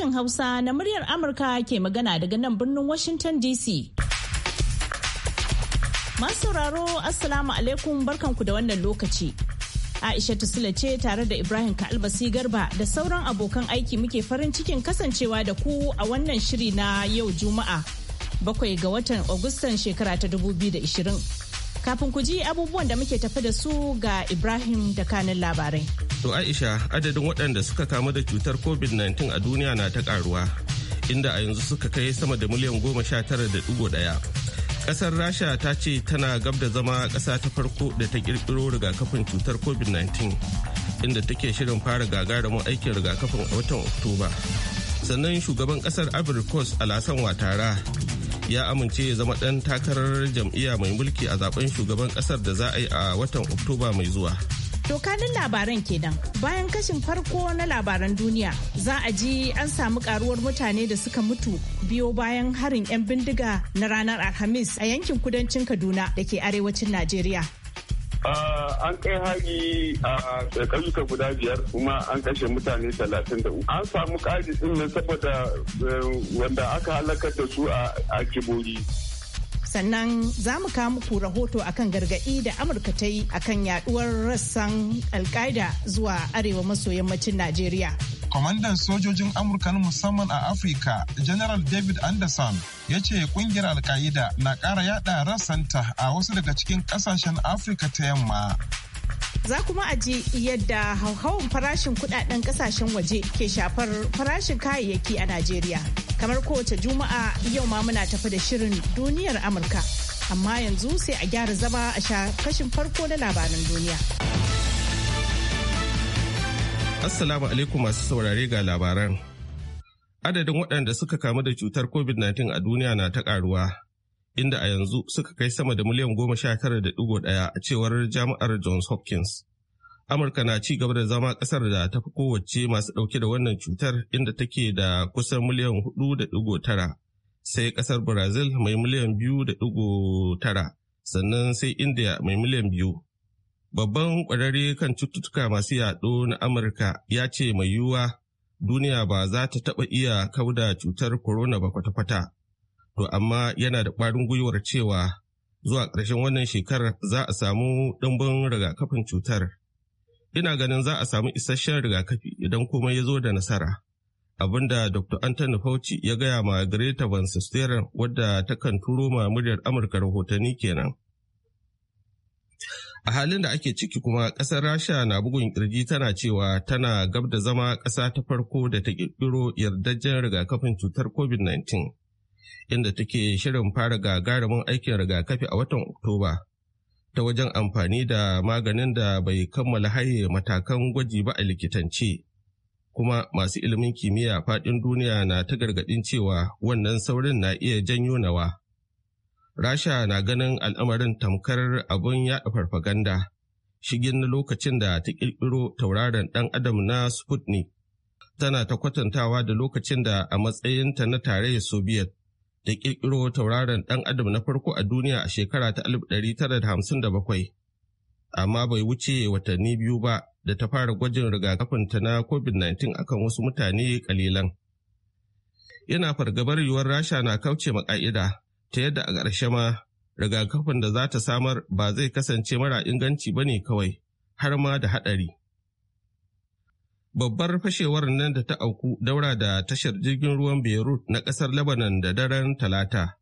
sashen Hausa na muryar Amurka ke magana daga nan birnin Washington DC. Masu sauraro Assalamu alaikum barkanku da wannan lokaci. Aisha Tusila ce tare da Ibrahim Kalbasi Garba da sauran abokan aiki muke farin cikin kasancewa da ku a wannan shiri na yau Juma'a bakwai ga watan Agustan shekara ta 2020. Kafin ku ji abubuwan da muke tafi da su ga Ibrahim da kanin labarai. To Aisha adadin waɗanda suka kamu da cutar COVID-19 a duniya na ta karuwa. inda a yanzu suka kai sama da miliyan goma sha tara da ɗigo ɗaya. Ƙasar Rasha ta ce tana gab da zama ƙasa ta farko da ta ƙirƙiro rigakafin cutar COVID-19 inda take shirin fara gagarumin aikin rigakafin a watan Oktoba. Sannan shugaban ƙasar Ivory Coast Alassane watara ya amince ya zama ɗan takarar jam'iyya mai mulki a zaben shugaban ƙasar da za a yi a watan Oktoba mai zuwa. Tokanin labaran kenan bayan kashin farko na labaran duniya za a ji an samu karuwar mutane da suka mutu biyo bayan harin 'yan bindiga na ranar Alhamis a yankin kudancin Kaduna da ke arewacin Najeriya. an kai hari a ƙauyuka guda biyar kuma an kashe mutane talatin da an samu ƙari din nan saboda eh, wanda aka halakar da su a kibori sannan za mu kawo muku rahoto akan gargaɗi da amurka ta yi akan yaduwar rassan alkaida zuwa arewa maso yammacin najeriya kwamandan sojojin amurka na musamman a afirka general david anderson ya ce kungiyar alka'ida na ƙara yada rassanta a wasu daga cikin kasashen afirka ta yamma za kuma a ji yadda hauhawan farashin kudaden kasashen waje ke shafar farashin kayayyaki a Najeriya. Kamar kowace juma'a yau ma muna tafi da shirin duniyar Amurka. Amma yanzu sai a gyara zama a sha kashin farko na labaran duniya. Assalamu alaikum masu saurare ga labaran. Adadin waɗanda suka kamu da cutar COVID-19 a duniya na ta ƙaruwa, inda a yanzu suka kai sama da miliyan goma sha tara da ɗigo ɗaya a cewar jami'ar Johns Hopkins. Amurka na ci gaba da zama ƙasar da ta fi kowace masu ɗauke da wannan cutar inda take da kusan miliyan hudu da ɗigo tara, sai ƙasar Brazil mai miliyan biyu da ɗigo tara, sannan sai India mai miliyan biyu. Babban ƙwararre kan cututtuka masu yaɗo na Amurka ya ce mai yiwuwa duniya ba za ta taɓa iya kauda cutar korona ba kwata-kwata. To amma yana da ƙwarin gwiwar cewa zuwa ƙarshen wannan shekarar za a samu ɗumbin rigakafin cutar. Ina ganin za a samu isasshen rigakafi idan komai ya zo da nasara. abinda Dr. Anthony Fauci ya gaya ma Greta Van wadda takan turo ma muryar Amurka rahotanni kenan. a halin da ake ciki kuma ƙasar rasha na bugun kirji tana cewa tana gab da zama ƙasa ta farko da ta ƙirƙiro yardajjen rigakafin cutar covid-19 inda take shirin fara gagarumin aikin rigakafi a watan oktoba ta wajen amfani da maganin da bai kammala haye matakan gwaji ba a likitance kuma masu ilimin kimiyya faɗin duniya na ta gargaɗin cewa wannan saurin na iya janyo nawa Rasha na ganin al'amarin tamkar abun yaɗa farfaganda, shigin na lokacin da ta ƙirƙiro tauraron ɗan adam na Sputnik. Tana ta kwatantawa da lokacin da a matsayinta na tarayyar Soviet da ƙirƙiro tauraron ɗan adam na farko a duniya a shekara ta 1957. Amma bai wuce watanni biyu ba da ta fara gwajin rigakafinta na COVID-19 akan wasu mutane kalilan. Yana fargabar yiwuwar Rasha na kauce ma ƙa'ida. ta yadda a ƙarshe ma rigakafin da za ta samar ba zai kasance mara inganci ba ne kawai har ma da haɗari. Babbar fashewar nan da ta auku daura da tashar jirgin ruwan Beirut na ƙasar Lebanon da daren Talata,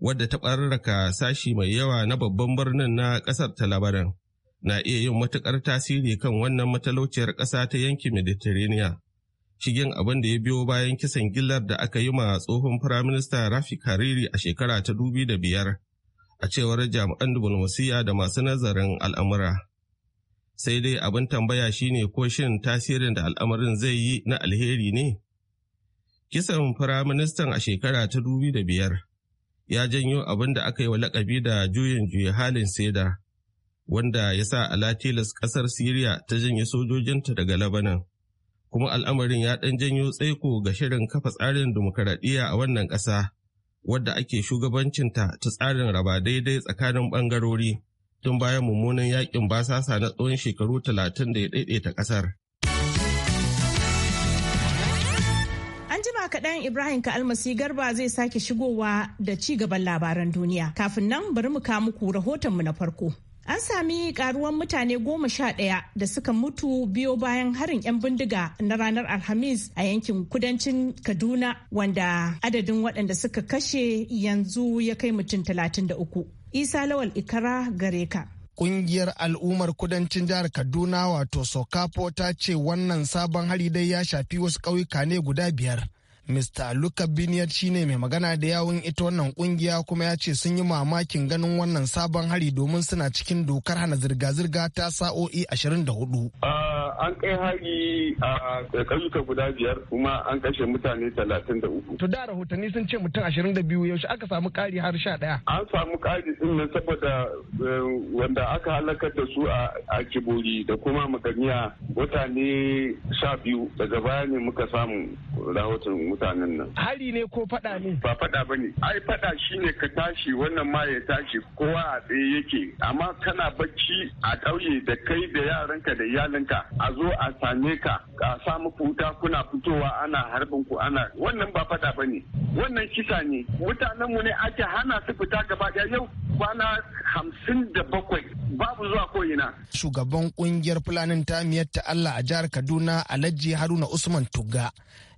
wadda ta ɓararraka sashi mai yawa na babban birnin na ƙasar ta Lebanon, na iya yin matuƙar tasiri kan wannan matalauciyar ƙasa ta yankin Mediterranean. shigen abin da ya biyo bayan kisan gillar da aka yi ma tsohon firaminista Rafi Hariri a shekara ta dubi da biyar, a cewar jami'an diflomasiyya da masu nazarin al'amura. Sai dai abin tambaya shine ko shin tasirin da al'amarin zai yi na alheri ne? Kisan firaministan a shekara ta dubi da biyar ya janyo abin da aka yi wa lakabi da juyin juya halin seda, wanda ya sa alatilas ƙasar Siriya ta janye sojojinta daga Labanan. kuma al'amarin ya ɗan janyo tsaiko ga shirin kafa tsarin dimokuraɗiyya a wannan ƙasa wadda ake shugabancinta ta tsarin raba daidai tsakanin ɓangarori tun bayan mummunan yakin basasa na tsawon shekaru talatin da ya ɗaiɗaita ƙasar. An jima kaɗan Ibrahim Ka'almasi Garba zai sake shigowa da ci gaban labaran duniya. Kafin nan bari mu kawo muku mu na farko. An sami karuwan mutane goma sha ɗaya da suka mutu biyo bayan harin 'yan bindiga na ranar Alhamis a yankin kudancin Kaduna wanda adadin waɗanda suka kashe yanzu ya kai mutum talatin da uku. Isa Lawal Ikara gare ka. kungiyar al'ummar kudancin jihar kaduna wato sokapo ta ce wannan sabon hari dai ya shafi wasu ƙauyuka ne guda biyar Mr. Luka Biniyar shine mai magana da yawun ita wannan kungiya kuma ya ce sun yi mamakin ganin wannan sabon hari domin suna cikin dokar hana zirga-zirga ta sa'o'i 24. Ah, an kai hari a ƙauyuka guda biyar kuma an kashe mutane 33. To da rahotanni sun ce mutum 22 yaushe aka samu ƙari har 11. An samu ƙari din nan saboda eh, wanda aka halakar da su a Kibori da kuma Maganiya mutane 12 daga baya ne muka samu rahoton mutanen nan. Hari ne ko fada ne? Ba fada ba ne. Ai fada shi ne ka tashi wannan ma ya tashi kowa a tsaye yake amma kana bacci a ƙauye da kai da yaranka da iyalinka a zo a same ka a sa muku kuna fitowa ana harbin ku ana wannan ba fada ba ne. Wannan kisa ne mutanenmu ne ake hana su fita gaba ɗaya yau kwana hamsin da bakwai babu zuwa ko'ina. Shugaban kungiyar Fulanin Tamiyar ta Allah a jihar Kaduna Alhaji Haruna Usman Tugga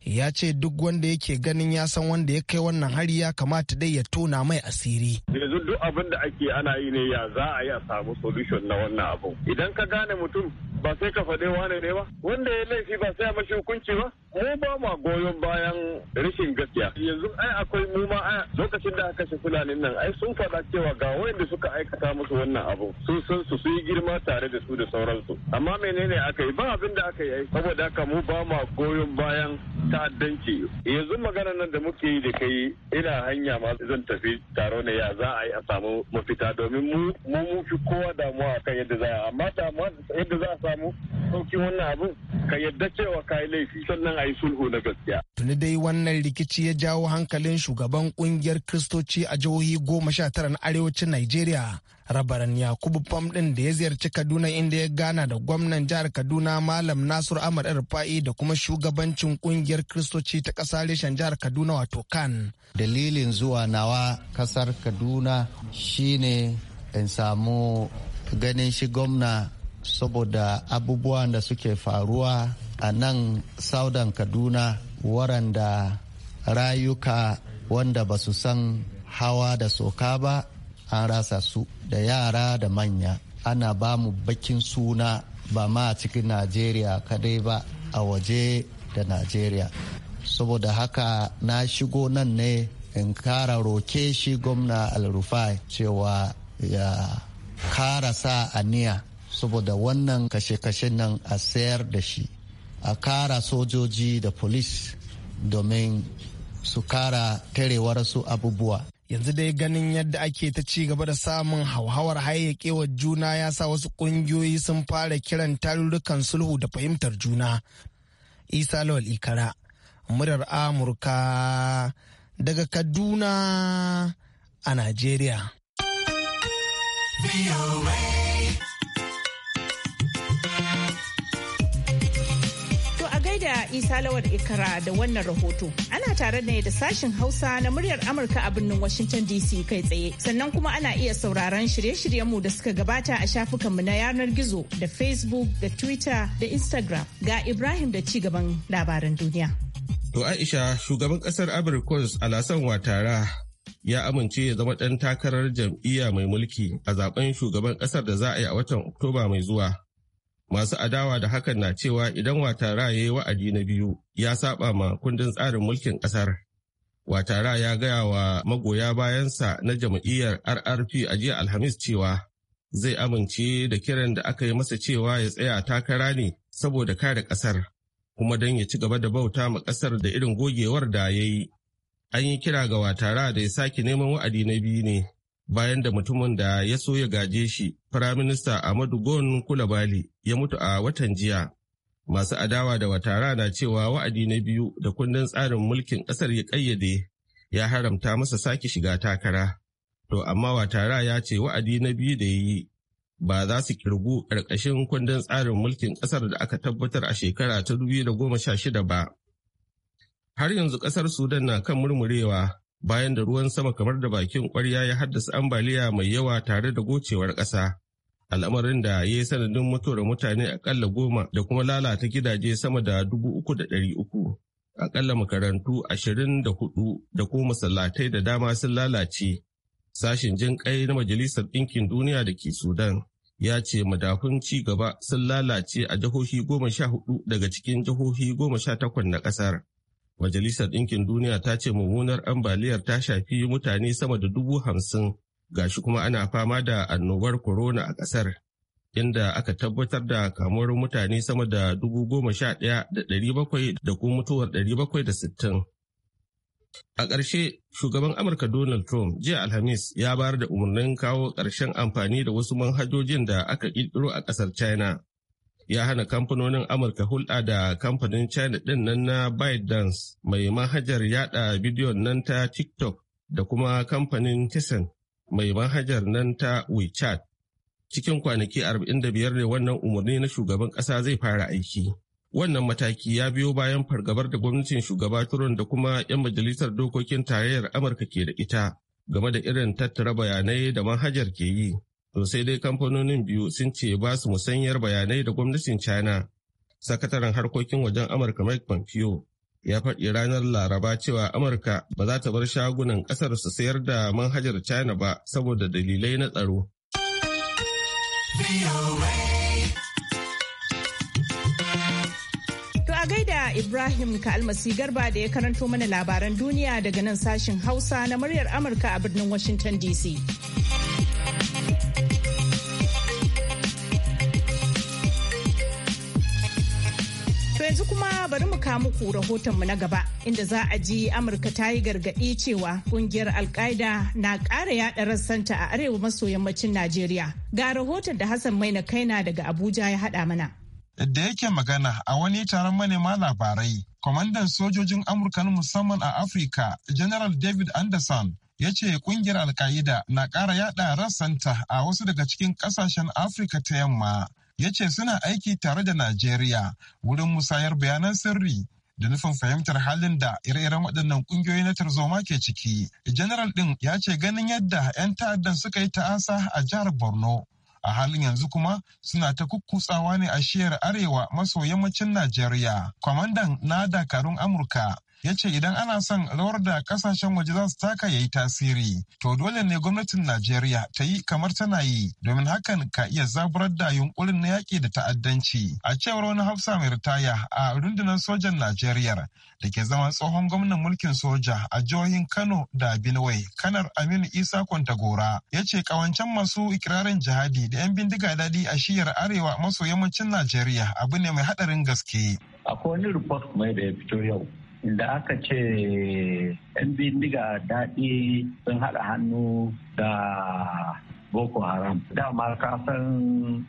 ya ce duk wanda yake ganin ya san wanda ya kai wannan hari ya kamata dai ya tona mai asiri. Yanzu duk abin da ake ana yi ne ya za a yi a samu solution na wannan abu. Idan ka gane mutum ba sai ka faɗe wane ne ba, wanda ya laifi ba sai a mashi hukunci ba. mu ba ma goyon bayan rashin gaskiya yanzu ai akwai mu ma lokacin da aka kashe fulani nan ai sun faɗa cewa ga wanda suka aikata musu wannan abu sun san su su yi girma tare da su da sauransu amma menene aka yi ba abin da aka yi saboda haka mu ba ma goyon bayan ta'addanci yanzu magana nan da muke yi da kai ina hanya ma zan tafi taro ne ya za a yi a samu mafita domin mu mu mu fi kowa damuwa akan yadda za a amma damuwa yadda za a samu sauƙin wannan abu ka yadda cewa ka yi laifi sannan a yi sulhu na gaskiya. Tuni dai wannan rikici ya jawo hankalin shugaban kungiyar Kristoci a jihohi goma sha tara na arewacin Najeriya. Rabaran Yakubu Fam din da ya ziyarci Kaduna inda ya gana da gwamnan jihar Kaduna Malam Nasiru Ahmad Rufa'i da kuma shugabancin kungiyar Kristoci ta ƙasa reshen jihar Kaduna wato kan. Dalilin zuwa nawa kasar Kaduna shine in samu ganin shi gwamna saboda abubuwan da suke faruwa a nan saudan kaduna waranda rayuka wanda ba su san hawa da soka ba an rasa su da yara da manya ana ba mu bakin suna ba ma cikin najeriya kadai ba a waje da najeriya saboda haka na shigo nan ne in kara roke shi gwamna alrufai cewa ya kara sa aniya saboda wannan kashe kashe nan a sayar da shi a kara sojoji da polis domin su kara terewar su abubuwa yanzu dai ganin yadda ake ta ci gaba da samun hauhawar hayyakewar juna ya sa wasu ƙungiyoyi sun fara kiran tarurrukan sulhu da fahimtar juna isa lawal ikara murar amurka daga kaduna a najeriya Isa Lawal Ikara da wannan rahoto. Ana tare ne da sashen Hausa na muryar Amurka a birnin Washington DC kai tsaye. Sannan kuma ana iya sauraron shirye-shiryenmu da suka gabata a shafukanmu na yanar gizo da Facebook da Twitter da Instagram. Ga Ibrahim da cigaban labaran duniya. To Aisha, shugaban kasar Abirkos Alasan Watara ya amince ya zama ɗan takarar jam'iyya mai mulki a zaben shugaban ƙasar da za a yi a watan Oktoba mai zuwa. Masu adawa da hakan na cewa idan Watara ya yi wa'adi na biyu ya saba ma kundin tsarin mulkin ƙasar. Watara ya gaya wa magoya bayansa na jam'iyyar RRP a jiya Alhamis cewa zai amince da kiran da aka yi masa cewa ya tsaya takara ne saboda kare ƙasar kuma don ya ci gaba da bauta ma ƙasar da irin gogewar da ya yi. An yi kira ga Watara da ya sake neman wa'adi na biyu ne bayan da mutumin da ya so ya gaje shi firaminista Amadu Gon Kulabali ya mutu a watan jiya. Masu adawa da watara na cewa wa'adi na biyu da kundin tsarin mulkin ƙasar ya ƙayyade ya haramta masa sake shiga takara. To amma watara ya ce wa'adi na biyu da ya yi ba za su kirgu ƙarƙashin kundin tsarin mulkin ƙasar da aka tabbatar a shekara ta 2016 ba. Har yanzu ƙasar Sudan na kan murmurewa bayan da ruwan sama kamar da bakin kwarya ya haddasa ambaliya mai yawa tare da gocewar ƙasa. Al'amarin da ya yi sanadin mutuwar mutane akalla goma da kuma lalata gidaje sama da dubu uku da ɗari uku. Akalla makarantu ashirin da hudu da kuma masallatai da dama sun lalace. Sashin jin kai na Majalisar Ɗinkin Duniya da ke Sudan ya ce madafun ci gaba sun lalace a jihohi goma sha hudu daga cikin jihohi goma sha takwas na ƙasar. Majalisar Ɗinkin Duniya ta ce mummunar ambaliyar ta shafi mutane sama da dubu hamsin gashi kuma ana fama da annobar corona a ƙasar, inda aka tabbatar da kamuwar mutane sama da dubu goma sha ɗaya da ɗari bakwai da kuma mutuwar ɗari bakwai da sittin. A ƙarshe, shugaban Amurka Donald Trump jiya Alhamis ya bayar da umarnin kawo ƙarshen amfani da wasu manhajojin da aka ƙirƙiro a ƙasar China ya hana kamfanonin amurka hulɗa da kamfanin china ɗin nan na ByteDance mai manhajar yada bidiyon nan ta tiktok da kuma kamfanin tisan mai manhajar nan ta wechat cikin kwanaki 45 ne wannan umarni na shugaban ƙasa zai fara aiki wannan mataki ya biyo bayan fargabar da gwamnatin shugaba turon da kuma 'yan majalisar dokokin tarayyar amurka ke da ita game da irin tattara bayanai da manhajar ke yi To sai dai kamfanonin biyu sun ce ba su musanyar bayanai da gwamnatin China. Sakataren harkokin wajen Amurka Mike Pompeo ya faɗi ranar Laraba cewa Amurka ba za ta bar shagunan ƙasar su sayar da manhajar China ba saboda dalilai na tsaro. gaida Ibrahim almasi Garba da ya karanto mana labaran duniya daga nan sashin Hausa na muryar Amurka a birnin Washington DC. yanzu kuma bari mu ka muku rahotonmu na gaba inda za a ji Amurka ta yi gargaɗi cewa kungiyar Alkaida na ƙara yaɗa rassanta a arewa maso yammacin Najeriya. Ga rahoton da Hassan mai na Kaina daga Abuja ya haɗa mana. Da yake magana a wani taron manema labarai, kwamandan sojojin Amurka na musamman a Afirka, General David Anderson, ya ce kungiyar alka'ida na ƙara yaɗa rassanta a wasu daga cikin ƙasashen Afirka ta yamma. ya ce suna aiki tare da Najeriya wurin musayar bayanan sirri da nufin fahimtar halin da ire-iren waɗannan ƙungiyoyi na tarzoma ke ciki. General ɗin ya ce ganin yadda 'yan ta'addan suka yi ta'asa a jihar Borno. A halin yanzu kuma suna ta kukkutsawa ne a shiyar arewa maso yammacin Najeriya. Kwamandan na dakarun Amurka ya ce idan ana son rawar da kasashen waje za su taka ya yi tasiri to dole ne gwamnatin najeriya ta yi kamar tana yi domin hakan ka iya zaburar da yunkurin na yaƙi da ta'addanci a cewar wani hafsa mai ritaya a rundunar sojan najeriya da ke zama tsohon gwamnan mulkin soja a jihohin kano da benue kanar aminu isa kwantagora ya ce kawancen masu ikirarin jihadi da 'yan bindiga daɗi a shiyar arewa maso yammacin najeriya abu ne mai haɗarin gaske akwai wani report mai da ya fito yau da aka ce 'yan bindiga daɗi sun haɗa hannu da Boko Haram. Dama ka san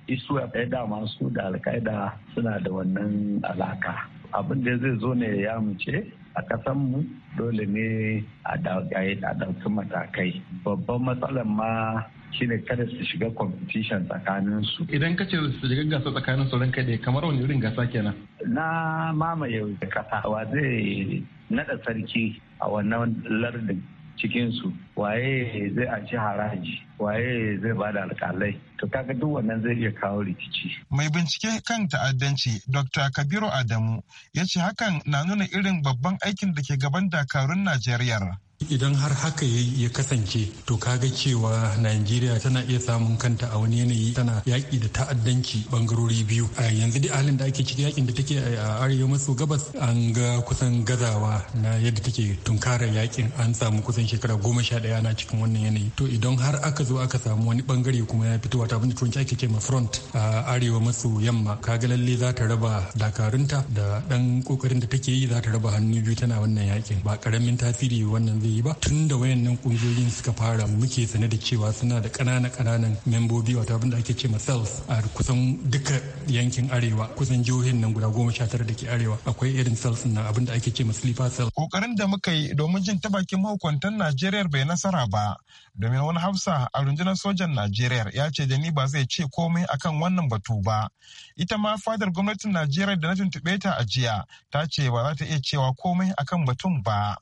isuwa ɗaya dama su da alkaida suna da wannan alaka. Abin da zai zo ne ya muce a mu dole ne a ɗauki matakai. Babban matsalar ma shine kada su shiga competition tsakanin su. Idan ka ce su shiga gasa tsakanin su ranka da kamar wani irin gasa kenan. Na mamaye kasa wa zai nada sarki a wannan lardin cikin su waye zai aci haraji waye zai bada alƙalai? to kaga duk wannan zai iya kawo rikici. Mai bincike kan ta'addanci Dr. Kabiru Adamu ya ce hakan na nuna irin babban aikin da ke gaban dakarun Najeriya. idan har haka ya kasance to kaga cewa najeriya tana iya samun kanta a wani yanayi tana yaƙi da ta'addanci bangarori biyu a yanzu da halin da ake ciki yakin da take a arewa maso gabas an ga kusan gazawa na yadda take tunkara yaƙin, an samu kusan shekara goma sha ɗaya na cikin wannan yanayi to idan har aka zo aka samu wani bangare kuma ya fito wata da turanci ake ce ma front a arewa maso yamma kaga lalle za ta raba dakarunta da dan kokarin da take yi za ta raba hannu biyu tana wannan yakin ba karamin tasiri wannan zai yi ba tun da wayannan kungiyoyin suka fara muke sane da cewa suna da kanana kananan membobi wata abin da ake ce ma cells a kusan duka yankin arewa kusan jihohin nan guda goma sha tara da ke arewa akwai irin cells na da ake ce ma sleeper cells kokarin da muka yi domin jin ta bakin mahukuntan Najeriya bai nasara ba domin wani hafsa a rundunar sojan najeriya ya ce da ni ba zai ce komai akan wannan batu ba ita ma fadar gwamnatin najeriya da na tuntuɓe ta a jiya ta ce ba za ta iya cewa komai akan batun ba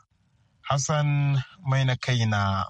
hassan mai na kaina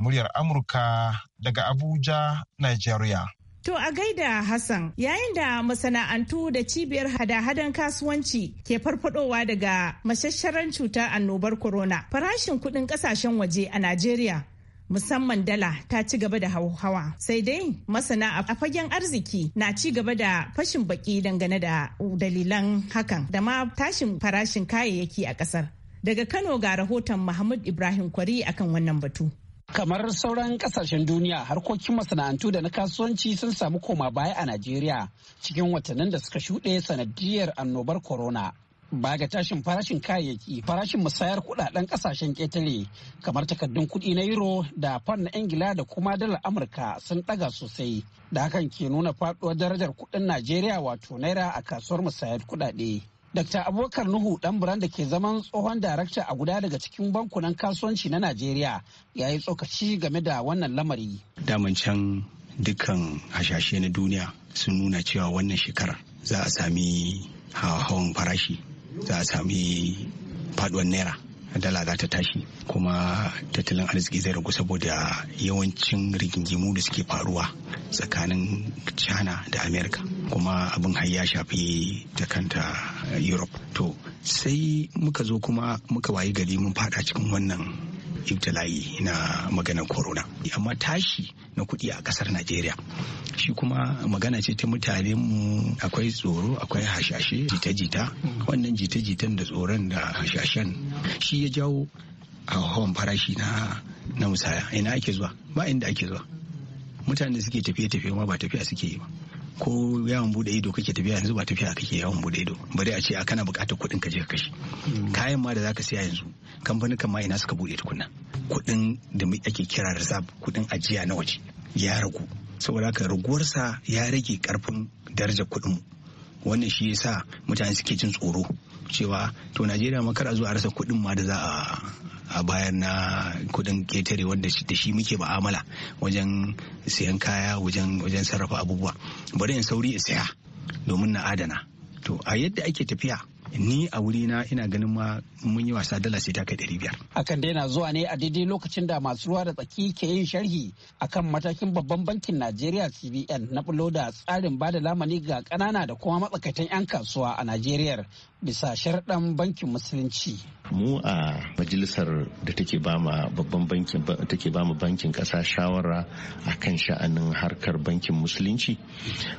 muryar amurka daga abuja Najeriya. To a gaida Hassan yayin da masana'antu da cibiyar hada-hadan kasuwanci ke farfadowa daga mashasharan cutar annobar corona farashin kudin kasashen waje a Najeriya musamman dala ta ci gaba da hauhawa sai dai masana a fagen arziki na ci gaba da fashin baki dangane da dalilan hakan da ma tashin farashin kayayyaki a kasar daga kano ga rahoton mahmud ibrahim kwari akan wannan batu kamar sauran kasashen duniya harkokin masana'antu da na kasuwanci sun samu koma baya a najeriya cikin watannin da suka shuɗe sanadiyar annobar corona ba ga tashin farashin kayayyaki farashin musayar kudaden kasashen ketare kamar takardun kudi na euro da fan na ingila da kuma dalar amurka sun daga sosai da hakan ke nuna faduwar darajar kudin najeriya wato naira a kasuwar musayar kudade dr abubakar nuhu dan buran da ke zaman tsohon darakta a guda daga cikin bankunan kasuwanci na najeriya ya yi tsokaci game da wannan lamari daman can dukkan hashashe na duniya sun nuna cewa wannan shekarar za a sami hawan farashi za a sami faduwar naira dala za ta tashi kuma tattalin arziki zai ragu saboda yawancin rigingimu da suke faruwa tsakanin china da america kuma abin har ya shafi ta kanta europe to sai muka zo kuma muka wayi gari mun fada cikin wannan layi na maganar corona amma tashi na kuɗi a ƙasar najeriya shi kuma magana ce ta mutane mu akwai tsoro akwai hashashe jita-jita wannan jita-jitan da tsoron da hashashen shi ya jawo a hawan farashi na na musaya ina ake zuwa ba inda ake zuwa mutane suke tafiye-tafiye ma ba tafiya suke yi ba ko yawon bude ido kake tafiya yanzu ba tafiya kake yawon bude ido Bari a ce a kana bukatar kuɗin ka je ka kashe kayan ma da zaka siya yanzu kamfanin kama ina suka bude tukuna kuɗin da ake kira reserve kuɗin ajiya na waje ya ragu saboda haka raguwarsa ya rage karfin darajar kuɗin wannan shi yasa mutane suke jin tsoro cewa to najeriya ma kar a zo a rasa kuɗin ma da za a bayar na kudin ketare wanda da shi muke ba'amala wajen sayan kaya wajen wajen sarrafa abubuwa bari in sauri in saya domin na adana to a yadda ake tafiya ni a wuri na ina ganin ma mun yi wasa dala sai ta kai ɗari biyar. Akan dai na zuwa ne a daidai lokacin da masu ruwa da tsaki ke yin sharhi akan matakin babban bankin Najeriya CBN na bulo da tsarin ba da lamani ga ƙanana da kuma matsakaitan 'yan kasuwa a Najeriya bisa sharɗan bankin musulunci. mu a majalisar da take bama babban bankin take bama bankin kasa shawara akan sha'anin harkar bankin musulunci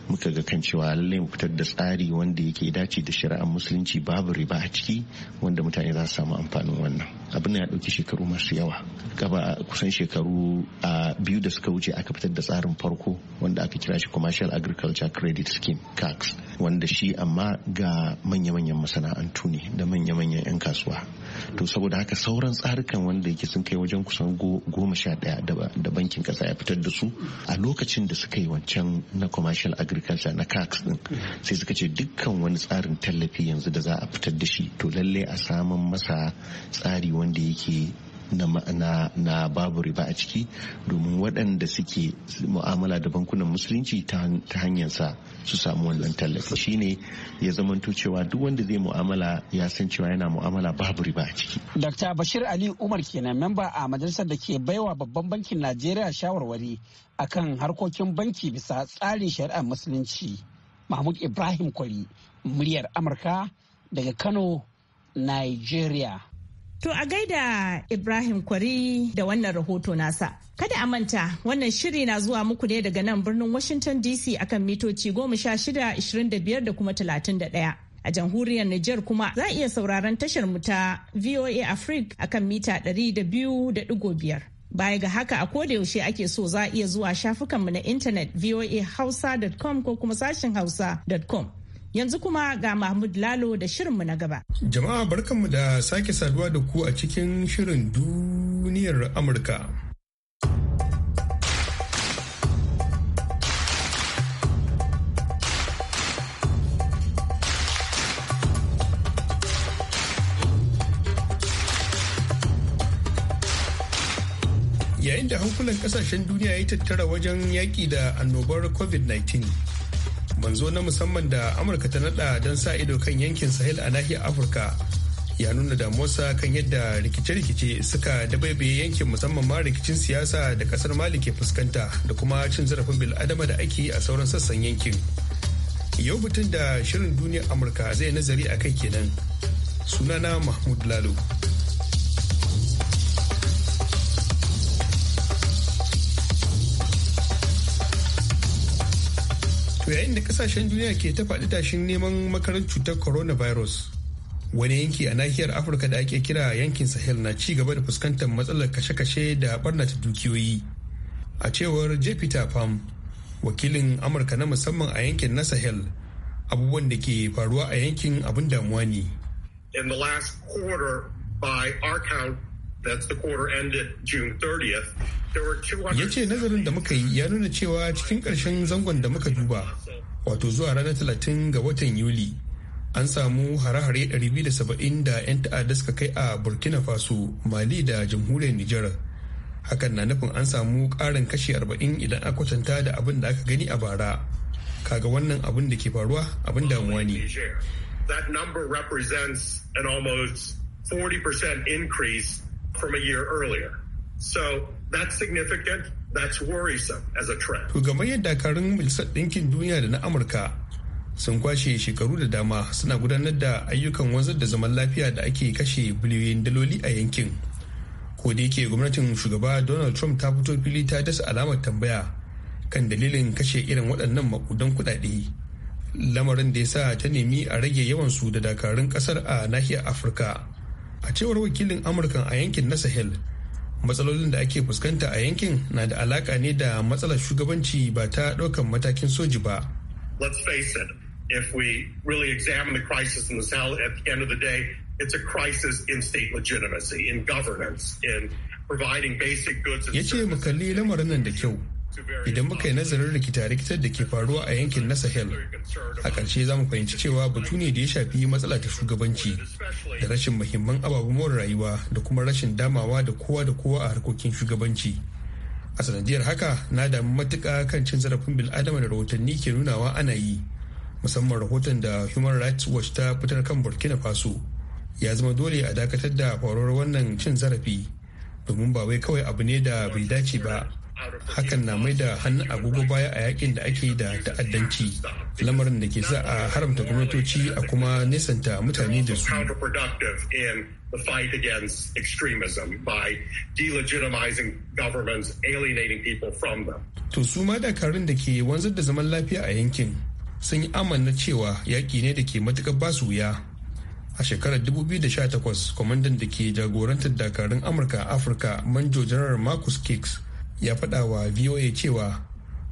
muka ga kan cewa lallai mu fitar da tsari wanda yake dace da shari'ar musulunci babu riba a ciki wanda mutane za su samu amfanin wannan abin ya dauki shekaru masu yawa gaba kusan shekaru a biyu da suka wuce aka fitar da tsarin farko wanda aka kira shi commercial agriculture credit scheme cax wanda shi amma ga manya-manyan masana'antu ne da manya-manyan 'yan kasuwa to saboda haka sauran tsarukan wanda yake sun kai wajen kusan goma sha ɗaya da bankin ƙasa ya fitar da su a lokacin da suka yi wancan na commercial agriculture na cax din sai suka ce dukkan wani tsarin tallafi yanzu da za a fitar da shi to lallai a samun masa tsari wanda yake na babu riba a ciki domin waɗanda suke mu'amala da bankunan musulunci ta hanyar sa su samu wannan tallafi shine ya zamanto cewa duk wanda zai mu'amala ya san cewa yana mu'amala babu riba a ciki. Dr. Bashir Ali Umar kenan memba a majalisar da ke baiwa babban bankin Najeriya shawarwari akan harkokin banki bisa tsarin shari'ar musulunci. Mahmud Ibrahim Kwari, muryar Amurka daga Kano, Nigeria. To a gaida Ibrahim Kwari da wannan rahoto nasa. Kada a manta wannan shiri na zuwa muku ne daga nan birnin Washington DC akan mitoci shida, 25 da kuma ɗaya. a jamhuriyar Nijar kuma za a iya sauraron tashar mu ta VOA Africa akan mita ɗari da da biyu 200.5. Baya ga haka a koda yaushe ake so za a iya zuwa shafukanmu na intanet voahausa.com ko kuma sashen hausa.com Yanzu kuma ga Mahmud Lalo da shirinmu na gaba. Jama'a barkanmu da sake saduwa da ku a cikin shirin duniyar Amurka. Yayin da hankulan kasashen duniya ya tattara wajen yaƙi da annobar COVID-19. banzo na musamman da amurka ta nada don sa ido kan yankin sahel a nahiyar afirka ya nuna damuwarsa kan yadda rikice-rikice suka dabaibaye yankin musamman ma rikicin siyasa da kasar mali ke fuskanta da kuma cin zarafin bil'adama da ake yi a sauran sassan yankin yau mutum da shirin duniyar amurka zai nazari a kai kenan sunana mahmud lalo To yayin da kasashen duniya ke ta faɗi tashin neman makarar cutar coronavirus wani yanki a nahiyar afirka da ake kira yankin sahel na ci gaba da fuskantar matsalar kashe-kashe da barnata dukiyoyi a cewar jupiter farm wakilin amurka na musamman a yankin na sahel abubuwan da ke faruwa a yankin abin damuwa ne in the last quarter by our count Ya ce nazarin da muka yi ya nuna cewa cikin ƙarshen zangon da muka duba, wato zuwa ranar talatin ga watan Yuli, an samu hare-hare 270 da 'yan ta'adda suka kai a Burkina Faso, Mali da jamhuriyar Nijar. Hakan na nufin an samu ƙarin kashi 40 idan aka kwatanta da abin da aka gani a bara. Kaga wannan abin da ke faruwa abin damuwa ne. That number represents an almost 40% increase from a year earlier. So that's significant. That's worrisome as a trend. Gamayyar dakarun Majalisar Ɗinkin Duniya da na Amurka sun kwashe shekaru da dama suna gudanar da ayyukan wanzar da zaman lafiya da ake kashe biliyoyin daloli a yankin. Ko da yake gwamnatin shugaba Donald Trump ta fito fili ta dasa alamar tambaya kan dalilin kashe irin waɗannan makudan kuɗaɗe. Lamarin da ya sa ta nemi a rage yawan su da dakarun ƙasar a nahiyar Afirka. a cewar wakilin amurkan a yankin na sahel matsalolin da ake fuskanta a yankin na da alaka ne da matsalar shugabanci ba ta ɗaukan matakin soji ba let's face it if we really examine the crisis in the sahel at the end of the day it's a crisis in state legitimacy in governance in providing basic goods ya ce mu kalli lamarin nan da kyau idan muka yi nazarin rikita-rikitar da ke faruwa a yankin na sahel a ƙarshe za mu fahimci cewa batu ne da ya shafi matsala ta shugabanci da rashin muhimman ababen more rayuwa da kuma rashin damawa da kowa da kowa a harkokin shugabanci a sanadiyar haka na damu matuka kan cin zarafin bil'adama da rahotanni ke nunawa ana yi musamman rahoton da human rights watch ta fitar kan burkina faso ya zama dole a dakatar da faruwar wannan cin zarafi domin ba wai kawai abu ne da bai dace ba hakan na mai da hannun agogo baya a yakin da ake da ta'addanci lamarin da ke sa a haramta gwamnatoci a kuma nesanta mutane da su the fight against by delegitimizing governments, alienating people To su ma dakarun da ke wanzar da zaman lafiya a yankin sun yi amanna cewa yaƙi ne da ke matuƙar basu wuya. A shekarar 2018, kwamandan da ke jagorantar dakarun Amurka Afirka Manjo Janar Marcus Kicks ya faɗa wa voa cewa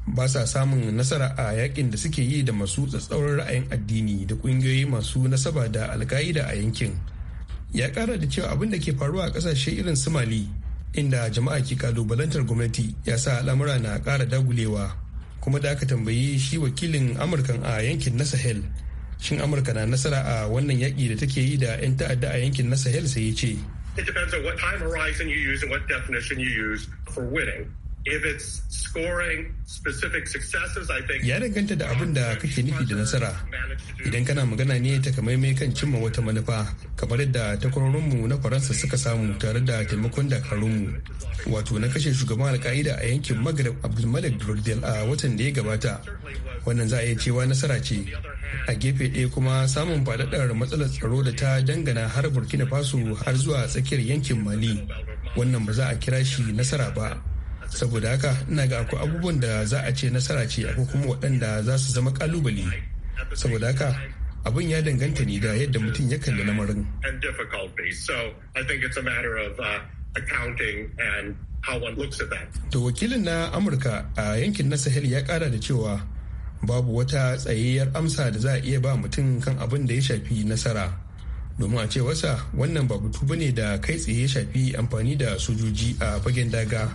ba sa samun nasara a yakin da suke yi da masu tsatsauran ra'ayin addini da ƙungiyoyi masu nasaba da alka'ida a yankin ya ƙara da cewa abin da ke faruwa a ƙasashe irin su mali inda jama'a ke kalubalantar gwamnati ya sa al'amura na ƙara dagulewa kuma da aka tambayi shi wakilin amurkan a yankin na sahel shin amurka na nasara a wannan yaƙi da take yi da 'yan ta'adda a yankin na sahel sai ya ce It depends on what time horizon you use and what definition you use for winning. Ya danganta da abin da kake nufi da nasara. Idan kana magana ne takamaimai kan cimma wata manufa, kamar yadda takwarorinmu na Faransa suka samu tare da taimakon dakarunmu. Wato na kashe shugaban alka'ida a yankin Maghreb Abdulmalik Durdel a watan da ya gabata. Wannan za a iya cewa nasara ce. A gefe ɗaya kuma samun faɗaɗar matsalar tsaro da ta dangana har Burkina Faso har zuwa tsakiyar yankin Mali. Wannan ba za a kira shi nasara ba. saboda haka ina ga akwai abubuwan da za a ce nasara ce akwai kuma waɗanda za su zama kalubale saboda haka abin ya danganta ne da yadda mutum ya kalli lamarin uh, to wakilin na amurka a yankin na sahel ya kara da cewa babu wata tsayayyar amsa da za a iya ba mutum kan abin da ya shafi nasara domin a ce wasa wannan ba batu ne da kai tsaye ya shafi amfani da sojoji a fagen daga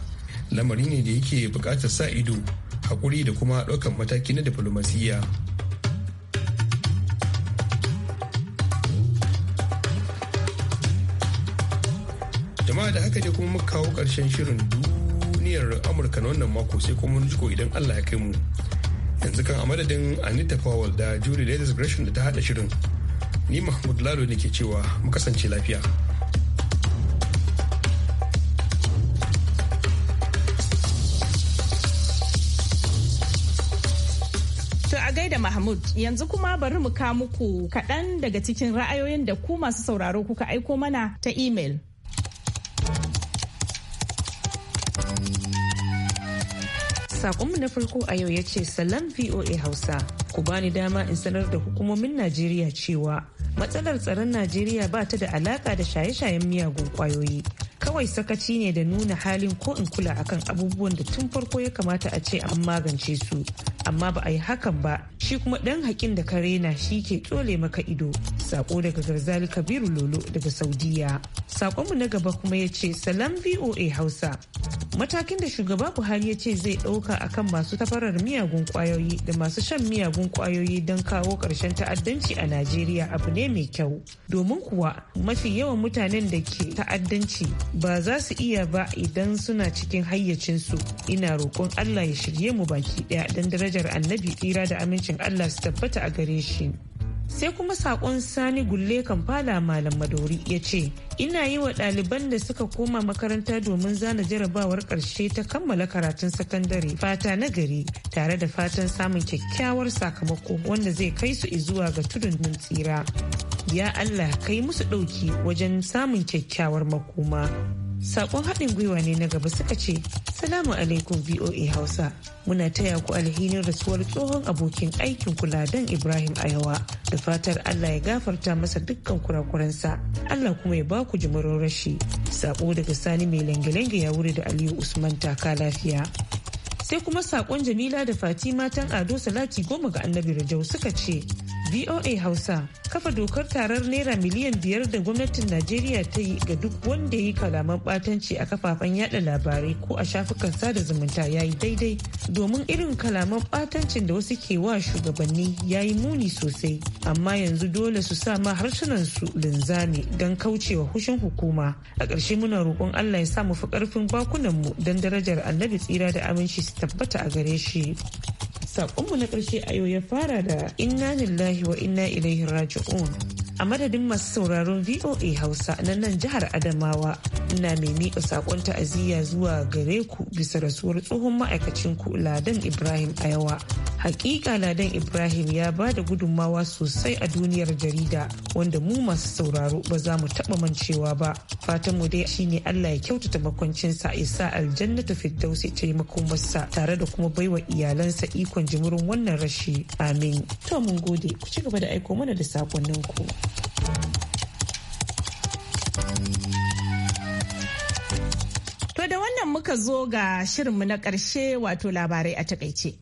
lamari ne da yake buƙatar sa ido hakuri da kuma ɗaukar mataki na diflomasiyya. jama'a da haka dai kuma muka kawo ƙarshen shirin duniyar amurka na wannan mako sai kuma mun jiko idan allah ya kai mu yanzu kan a madadin anita powell da julie da gresham da ta hada shirin ni mahmud lalo ne ke cewa mu kasance lafiya. da Mahmud yanzu kuma bari mu ka muku kaɗan daga cikin ra'ayoyin da ku masu sauraro kuka aiko mana ta imel. Sakonmu na farko a yau ya ce salam VOA Hausa. Ku bani dama in sanar da hukumomin Najeriya cewa matsalar tsaron Najeriya ba ta da alaka da shaye-shayen miyagun kwayoyi. kawai sakaci ne da nuna halin ko in kula akan abubuwan da tun farko ya kamata a ce an magance su amma ba a yi hakan ba shi kuma ɗan haƙin da ka na shi ke tsole maka ido sako daga garzali kabiru lolo daga saudiya sakonmu na gaba kuma ya ce salam voa hausa matakin da shugaba buhari ya ce zai ɗauka akan masu tafarar miyagun kwayoyi da masu shan miyagun kwayoyi don kawo ƙarshen ta'addanci a najeriya abu ne mai kyau domin kuwa mafi yawan mutanen da ke ta'addanci ba za su iya ba idan suna cikin hayyacinsu ina roƙon allah ya shirye mu baki ɗaya don daraja. zuriyar annabi tsira da amincin Allah su tabbata a gare shi. Sai kuma saƙon Sani Gulle Kamfala Malam Madori ya ce, Ina yi wa ɗaliban da suka koma makaranta domin zana jarabawar ƙarshe ta kammala karatun sakandare fata na gari tare da fatan samun kyakkyawar sakamako wanda zai kai su izuwa ga tudun tsira. Ya Allah kai musu ɗauki wajen samun kyakkyawar makoma. Sakon haɗin gwiwa ne na gaba suka ce, Salamu alaikum VOA Hausa. Muna taya ku alhinin rasuwar tsohon abokin aikin kula dan Ibrahim Ayawa da fatar Allah ya gafarta masa dukkan kurakuransa. Allah kuma ya baku jimarin rashi. Sako daga Sani mai lange-lange ya wuri da Aliyu Usman taka lafiya. sai kuma sakon jamila da fatima tan ado salati goma ga annabi rajau suka ce voa hausa kafa dokar tarar naira miliyan biyar da gwamnatin najeriya ta yi ga duk wanda ya yi kalaman batanci a kafafen yada labarai ko a shafukan sada zumunta ya yi daidai domin irin kalaman batancin da wasu ke wa shugabanni ya yi muni sosai amma yanzu dole su sa ma harsunan su linzami don kaucewa hushin hukuma a ƙarshe muna roƙon allah ya sa mu fi ƙarfin bakunanmu mu don darajar annabi tsira da aminci su tabbata a gare shi saƙonmu na ƙarshe a yau ya fara da inna lillahi wa inna ilaihi raji'un a madadin masu sauraron voa hausa na nan jihar adamawa ina mai miƙa saƙon ta'aziyya zuwa gare ku bisa rasuwar tsohon ma'aikacin ku ladan ibrahim ayawa hakika ladan ibrahim ya ba da gudunmawa sosai a duniyar jarida wanda mu masu sauraro ba za mu taɓa mancewa ba fatan mu dai shine allah ya kyautata makwancinsa ya sa aljannatu firdausi taimakon masa tare da kuma baiwa iyalansa ikon jimurin wannan rashi amin to mun gode ku ci gaba da aiko mana da sakonninku. ku To da wannan muka zo ga shirinmu na ƙarshe wato labarai a takaice.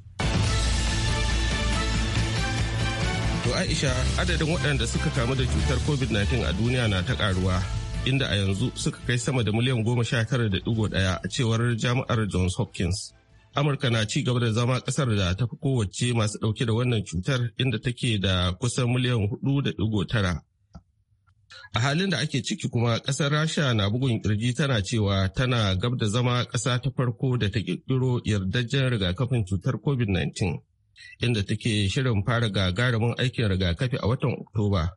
To Aisha adadin waɗanda suka kamu da cutar COVID-19 a duniya na ta ƙaruwa inda a yanzu suka kai sama da miliyan goma sha tara da ɗigo ɗaya a cewar jami'ar Johns Hopkins. amurka na ci gaba da zama kasar da ta fi kowace masu ɗauke da wannan cutar inda take da kusan miliyan hudu da ɗigo tara a halin da ake ciki kuma ƙasar rasha na bugun kirji tana cewa tana gab da zama ƙasa ta farko da ta kirkiro yardajjen rigakafin cutar covid-19 inda take shirin fara gagarumin aikin rigakafi a watan oktoba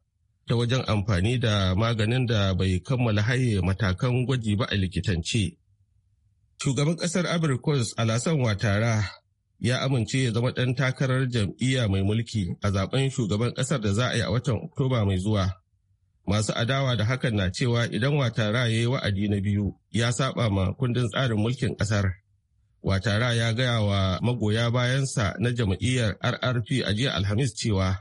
ta wajen amfani da maganin da bai kammala haye matakan gwaji ba a likitance Shugaban ƙasar abirikos Alasan Watara ya amince ya zama ɗan takarar jam'iyya mai mulki a zaben shugaban ƙasar da za a yi a watan Oktoba mai zuwa. Masu adawa da hakan na cewa idan Watara ya yi wa'adi na biyu ya saba ma kundin tsarin mulkin ƙasar. Watara ya gaya wa magoya bayansa na jam'iyyar RRP a jiya Alhamis cewa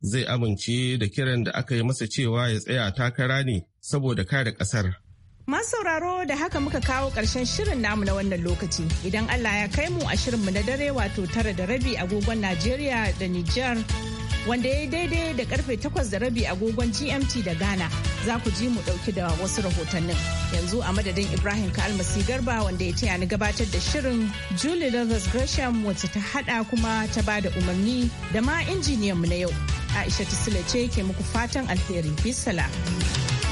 zai amince da kiran da aka yi masa cewa ya tsaya takara ne saboda kare ƙasar. Masu sauraro da haka muka kawo ƙarshen shirin namu na wannan lokaci. Idan Allah ya kai mu a shirinmu na dare wato tara da rabi agogon Najeriya da Nijar wanda ya daidai da karfe takwas da rabi agogon GMT da Ghana za ku ji mu ɗauki da wasu rahotannin. Yanzu a madadin Ibrahim Kalmasi Garba wanda ya taya ni gabatar da shirin Julie Lovers Gresham wacce ta haɗa kuma ta ba da umarni da ma mu na yau. Aisha Tisila ce ke muku fatan alheri. Bisala.